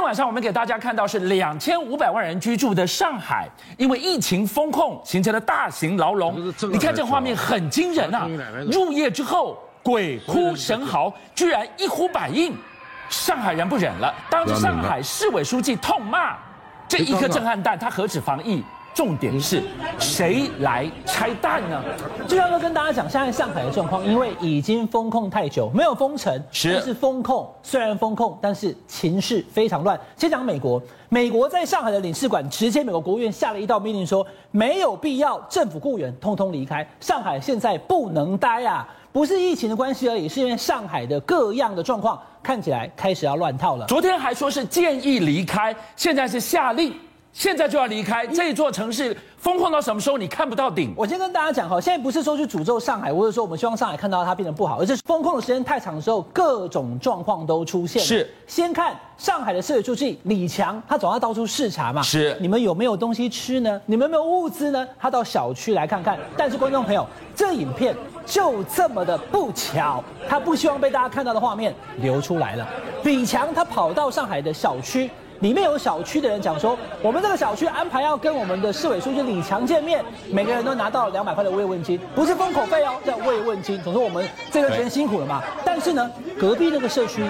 今天晚上我們給大家看到是兩千五百萬人居住的上海，因為疫情封控形成了大型牢籠。你看這畫面很驚人啊！入夜之後鬼哭神嚎，居然一呼百應，上海人不忍了，當著上海市委書記痛罵這一顆震撼彈，它何止防疫？重點是誰來拆彈呢？就要，要跟大家講，現在上海的狀況，因為已經封控太久，沒有封城，是，是封控。雖然封控，但是情勢非常亂。先講美國，美國在上海的領事館直接美國國務院下了一道命令說，說沒有必要，政府僱員通通離開上海，現在不能待啊！不是疫情的關係而已，是因為上海的各樣的狀況看起來開始要亂套了。昨天還說是建議離開，現在是下令。現在就要離開這座城市，封控到什麼時候你看不到頂？我先跟大家講哈，現在不是說去詛咒上海，或者說我們希望上海看到它變得不好，而是封控的時間太長的時候，各種狀況都出現。是，先看上海的市委書記李強，他總要到處視察嘛。是，你們有沒有東西吃呢？你們有沒有物資呢？他到小區來看看。但是觀眾朋友，這個影片就這麼的不巧，他不希望被大家看到的畫面流出來了。李強他跑到上海的小區。裡面有小區的人講說，我們這個小區安排要跟我們的市委書記李強見面，每個人都拿到兩百塊的慰問金，不是封口費哦，叫慰問金。總之我們這段時間辛苦了嘛，但是呢，隔壁那個社區。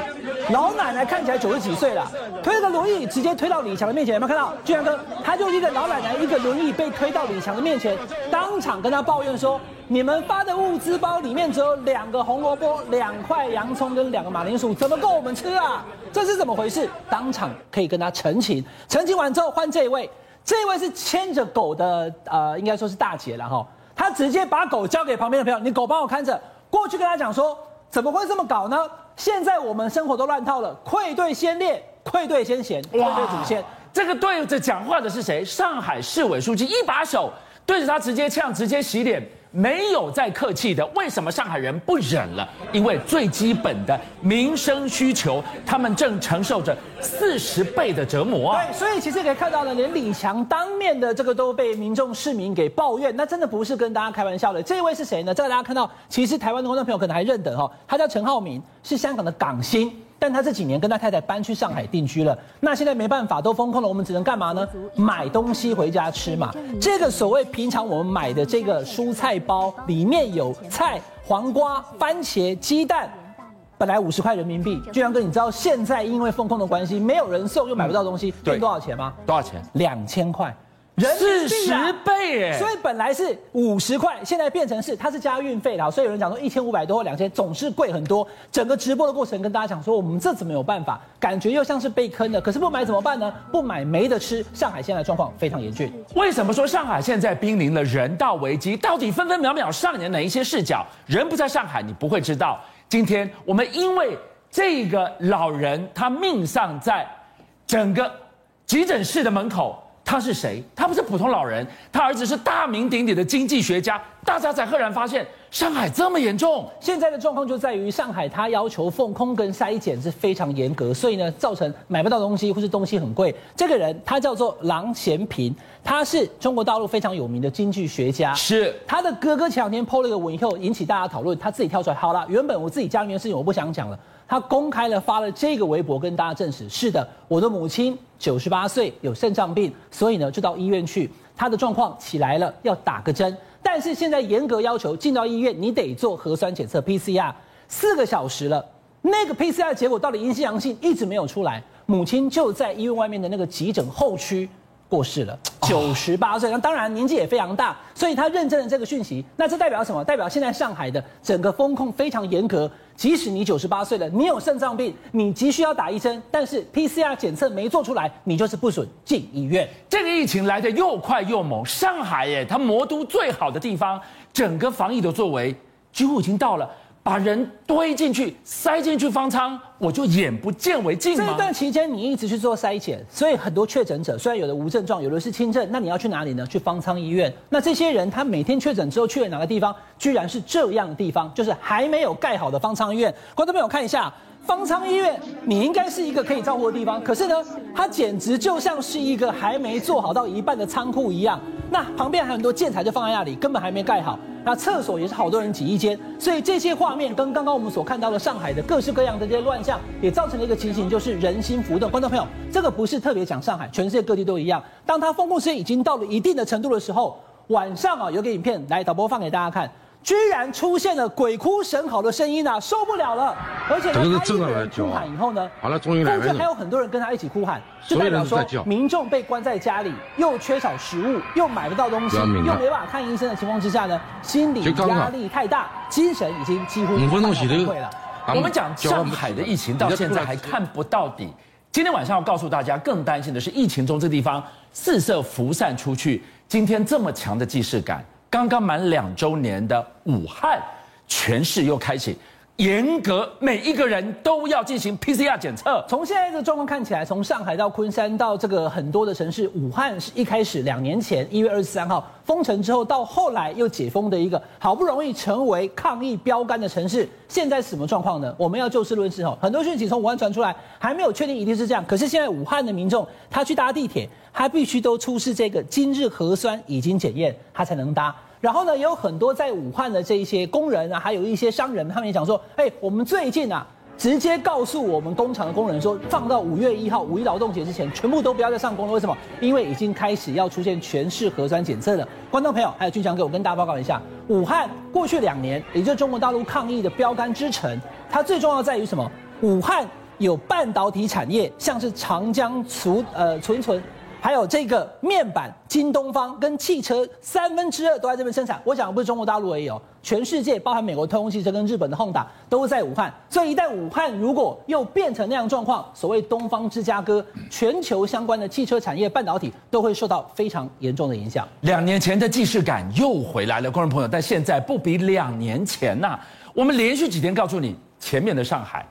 老奶奶看起來九十幾歲了，推個輪椅直接推到李強的面前，有沒有看到？俊相哥，他就一個老奶奶，一個輪椅被推到李強的面前，當場跟他抱怨說：“你們發的物資包裡面只有兩個紅蘿蔔、兩塊洋蔥跟兩個馬鈴薯，怎麼夠我們吃啊？這是怎麼回事？”當場可以跟他澄清，澄清完之後換這一位，這一位是牽着狗的，呃，應該說是大姐，然後他直接把狗交給旁邊的朋友，你狗幫我看着，過去跟他講說：“怎麼會這麼搞呢？”現在我們生活都亂套了，愧對先烈，愧對先賢，愧對祖先。這個對着講話的是誰？上海市委書記一把手，對着他直接嗆，直接洗臉。沒有再客氣的，為什麼上海人不忍了？因為最基本的民生需求，他們正承受着四十倍的折磨啊！對，所以其實可以看到呢，連李強當面的這個都被民眾市民給抱怨，那真的不是跟大家開玩笑的。這位是誰呢？在大家看到，其實台灣的觀眾朋友可能還認得哈，他叫陳浩民，是香港的港星。但他這幾年跟他太太搬去上海定居了，那現在沒辦法，都封控了，我們只能幹嘛呢？買東西回家吃嘛。這個所謂平常我們買的這個蔬菜包裡面有菜、黃瓜、番茄、雞蛋，本來五十塊人民幣。俊洋哥，你知道現在因為封控的關係，沒有人送，又買不到東西，對，賺多少錢嗎？多少錢？兩千塊。人是十倍耶，所以本來是五十塊，現在變成是它是加運費了，所以有人講說一千五百多或兩千，總是貴很多。整個直播的過程跟大家講說，我們這怎麼有辦法？感覺又像是被坑的，可是不買怎麼辦呢？不買沒得吃。上海現在狀況非常嚴峻。為什麼說上海現在瀕臨了人道危機？到底分分秒秒上演哪一些視角？人不在上海，你不會知道。今天我們因為這個老人，他命喪在整個急診室的門口。他是誰？他不是普通老人，他兒子是大名鼎鼎的經濟學家。大家才赫然發現上海這麼嚴重。現在的狀況就在於上海，他要求封控跟篩檢是非常嚴格，所以呢，造成買不到東西或是東西很貴。這個人他叫做郎咸平，他是中國大陸非常有名的經濟學家。是他的哥哥前兩天 po 了一個文以後引起大家討論，他自己跳出來。好啦，原本我自己家裡面的事情我不想講了。他公開了，發了這個微博跟大家證實，是的，我的母親九十八歲，有腎臟病，所以呢就到醫院去。她的狀況起來了，要打個針，但是現在嚴格要求進到醫院，你得做核酸檢測 PCR 四個小時了，那個 PCR 結果到底陰性陽性一直沒有出來，母親就在醫院外面的那個急診候區。過世了，九十八歲，那當然年紀也非常大，所以他認證了這個訊息。那這代表什麼？代表現在上海的整個封控非常嚴格，即使你九十八歲了，你有腎臟病，你急需要打醫生，但是 PCR 檢測沒做出來，你就是不准進醫院。這個疫情來得又快又猛，上海耶，它魔都最好的地方，整個防疫的作為幾乎已經到了。把人堆進去，塞進去方艙，我就眼不見為淨嗎？這段期間你一直去做篩檢，所以很多確診者，雖然有的無症狀，有的是輕症，那你要去哪裡呢？去方艙醫院。那這些人他每天確診之後去了哪個地方？居然是這樣的地方，就是還沒有蓋好的方艙醫院。觀眾朋友看一下。方艙醫院，你應該是一個可以照顧的地方，可是呢，它簡直就像是一個還沒做好到一半的倉庫一樣。那旁邊還有很多建材就放在那裡，根本還沒蓋好。那廁所也是好多人擠一間，所以這些畫面跟剛剛我們所看到的上海的各式各樣的這些亂象，也造成了一個情形，就是人心浮動。觀眾朋友，這個不是特別講上海，全世界各地都一樣。當它封控時間已經到了一定的程度的時候，晚上啊，有個影片來導播放給大家看。居然出現了鬼哭神嚎的聲音啊，受不了了！而且他一起哭喊以後呢，啊、好終於來了。但是還有很多人跟他一起哭喊，就代表說民眾被關在家裡，又缺少食物，又買不到東西，又沒辦法看醫生的情況之下呢，心理壓力太大，精神已經幾乎崩潰了五分鐘、這個啊。我們講上海的疫情到現在還看不到底。今天晚上要告訴大家，更擔心的是疫情從這地方四射輻散出去。今天這麼強的既視感。剛剛滿兩周年的武漢，全市又開啟。嚴格，每一個人都要進行 P C R 檢測。從現在的狀況看起來，從上海到昆山到這個很多的城市，武漢是一開始兩年前一月二十三號封城之後，到後來又解封的一個好不容易成為抗疫標杆的城市，現在什麼狀況呢？我們要就事論事哦。很多訊息從武漢傳出來，還沒有確定一定是這樣。可是現在武漢的民眾，他去搭地鐵，他必須都出示這個今日核酸已經檢驗，他才能搭。然後呢，也有很多在武漢的這一些工人啊，還有一些商人，他們也講說，哎、欸，我們最近啊，直接告訴我們工廠的工人說，放到五月一號五一勞動節之前，全部都不要再上工了。為什麼？因為已經開始要出現全市核酸檢測了。觀眾朋友，還有俊相哥，我跟大家報告一下，武漢過去兩年，也就是中國大陸抗疫的標杆之城，它最重要在於什麼？武漢有半導體產業，像是長江儲呃存,存還有這個面板，京東方跟汽車三分之二都在這邊生產。我想不是中國大陸而已哦，全世界包含美國通用汽車跟日本的本田都在武漢。所以一旦武漢如果又變成那樣狀況，所謂東方芝加哥，全球相關的汽車產業、半導體都會受到非常嚴重的影響。兩年前的既視感又回來了，觀眾朋友，但現在不比兩年前吶、啊。我們連續幾天告訴你前面的上海。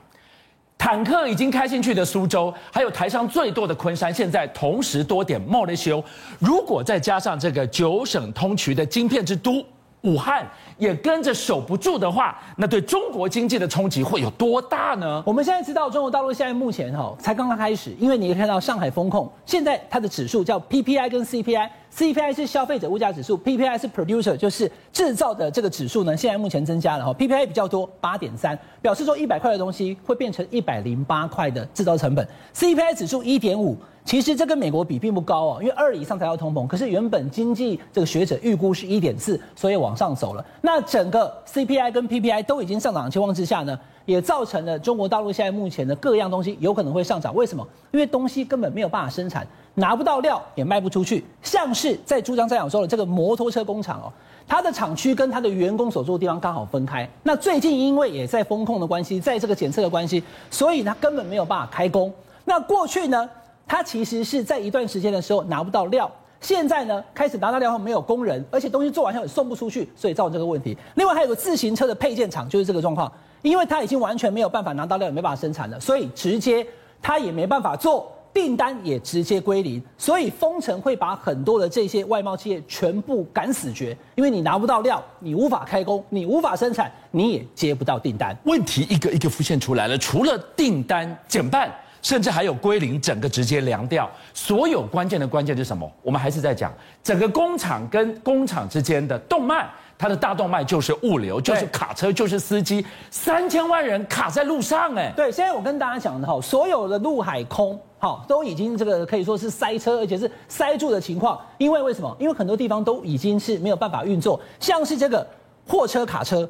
坦克已經開進去的蘇州，還有台商最多的昆山，現在同時多點冒維修。如果再加上這個九省通衢的晶片之都武漢也跟着守不住的話，那對中國經濟的衝擊會有多大呢？我們現在知道，中國大陸現在目前哈才剛剛開始，因為你可以看到上海風控現在它的指數叫 PPI 跟 CPI。CPI 是消費者物價指數，PPI 是 producer，就是製造的這個指數呢，現在目前增加了哈，PPI 比較多，八點三，表示說一百塊的東西會變成一百零八塊的製造成本。CPI 指數一點五，其實這跟美國比並不高哦，因為二以上才叫通膨，可是原本經濟這個學者預估是一點四，所以往上走了。那整個 CPI 跟 PPI 都已經上漲的情況之下呢？也造成了中國大陸現在目前的各樣東西有可能會上漲，為什麼？因為東西根本沒有辦法生產，拿不到料也賣不出去。像是在珠江三角洲的這個摩托車工廠哦，它的廠區跟它的員工所住的地方剛好分開。那最近因為也在封控的關係，在這個檢測的關係，所以它根本沒有辦法開工。那過去呢，它其實是在一段時間的時候拿不到料。現在呢，開始拿到料後沒有工人，而且東西做完後也送不出去，所以造成這個問題。另外還有個自行車的配件廠，就是這個狀況，因為它已經完全沒有辦法拿到料，也沒辦法生產了，所以直接它也沒辦法做，訂單也直接歸零。所以封城會把很多的這些外貿企業全部趕死絕，因為你拿不到料，你無法開工，你無法生產，你也接不到訂單。問題一個一個浮現出來了，除了訂單，減半甚至還有歸零，整個直接涼掉。所有關鍵的關鍵是什麼？我們還是在講整個工廠跟工廠之間的動脈，它的大動脈就是物流，就是卡車，就是司機。三千萬人卡在路上，哎，對。現在我跟大家講的哈，所有的陸海空，哈，都已經這個可以說是塞車，而且是塞住的情況。因為為什麼？因為很多地方都已經是沒有辦法運作，像是這個貨車、卡車。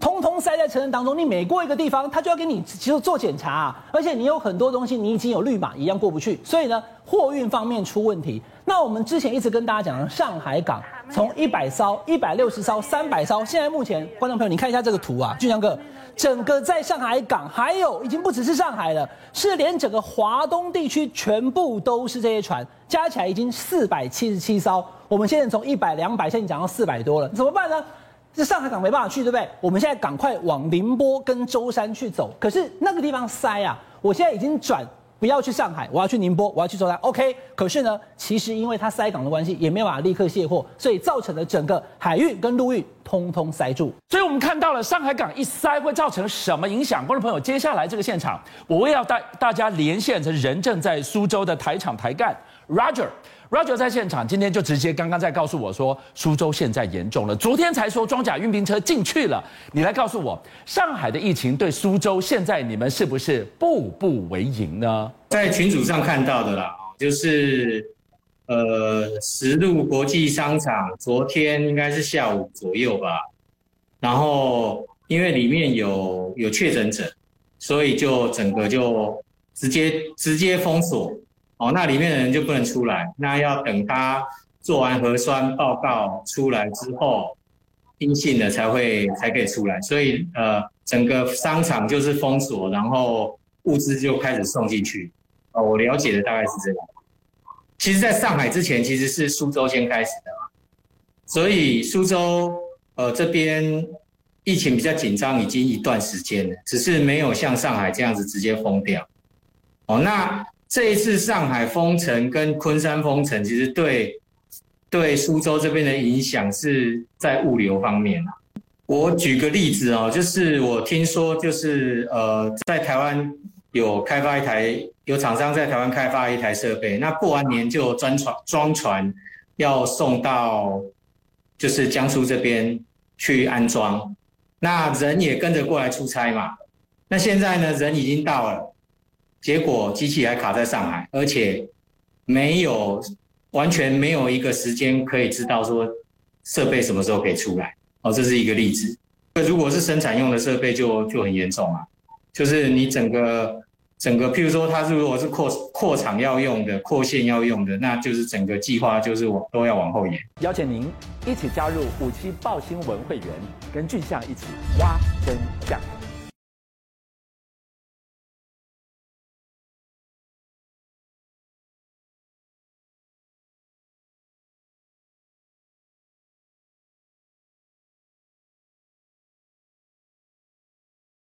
通通塞在城市當中，你每過一個地方，他就要給你其實做檢查啊，而且你有很多東西，你已經有綠碼一樣過不去，所以呢，貨運方面出問題。那我們之前一直跟大家講，上海港從一百艘、一百六十艘、三百艘，現在目前觀眾朋友，你看一下這個圖啊，俊相哥，整個在上海港，還有已經不只是上海了，是連整個華東地區全部都是這些船，加起來已經四百七十七艘。我們現在從一百、兩百，現在講到四百多了，怎麼辦呢？是上海港沒辦法去，對不對？我們現在趕快往寧波跟舟山去走。可是那個地方塞啊！我現在已經轉，不要去上海，我要去寧波，我要去舟山，OK。可是呢，其實因為它塞港的關係，也沒有辦法立刻卸貨，所以造成了整個海運跟陸運通通塞住。所以我們看到了上海港一塞，會造成什麼影響？觀眾朋友，接下來這個現場，我又要帶大家連線，是人正在蘇州的台廠台幹，Roger。Roger 在現場，今天就直接剛剛在告訴我說，說蘇州現在嚴重了。昨天才說裝甲運兵車進去了，你來告訴我，上海的疫情對蘇州現在你們是不是步步為營呢？在群組上看到的啦，就是，呃，石路國際商場，昨天應該是下午左右吧，然後因為裡面有有確診者，所以就整個就直接直接封鎖。哦，那裡面的人就不能出來，那要等他做完核酸報告出來之後，陰性的才會才可以出來。所以，呃，整個商場就是封鎖，然後物資就開始送進去。哦，我了解的大概是這樣。其實，在上海之前，其實是蘇州先開始的，所以蘇州呃這邊疫情比較緊張，已經一段時間了，只是沒有像上海這樣子直接封掉。哦，那。這一次上海封城跟昆山封城，其實對對蘇州這邊的影響是在物流方面。我舉個例子哦，就是我聽說就是呃，在台灣有開發一台，有廠商在台灣開發一台設備，那過完年就裝船裝船要送到就是江蘇這邊去安裝，那人也跟着過來出差嘛。那現在呢，人已經到了。結果機器還卡在上海，而且沒有完全沒有一個時間可以知道說設備什麼時候可以出來。哦，這是一個例子。那如果是生產用的設備就，就就很嚴重了，啊，就是你整個整個，譬如說，它如果是擴擴廠要用的、擴線要用的，那就是整個計劃就是往都要往後延。邀請您一起加入五七爆新聞會員，跟俊相一起挖真相。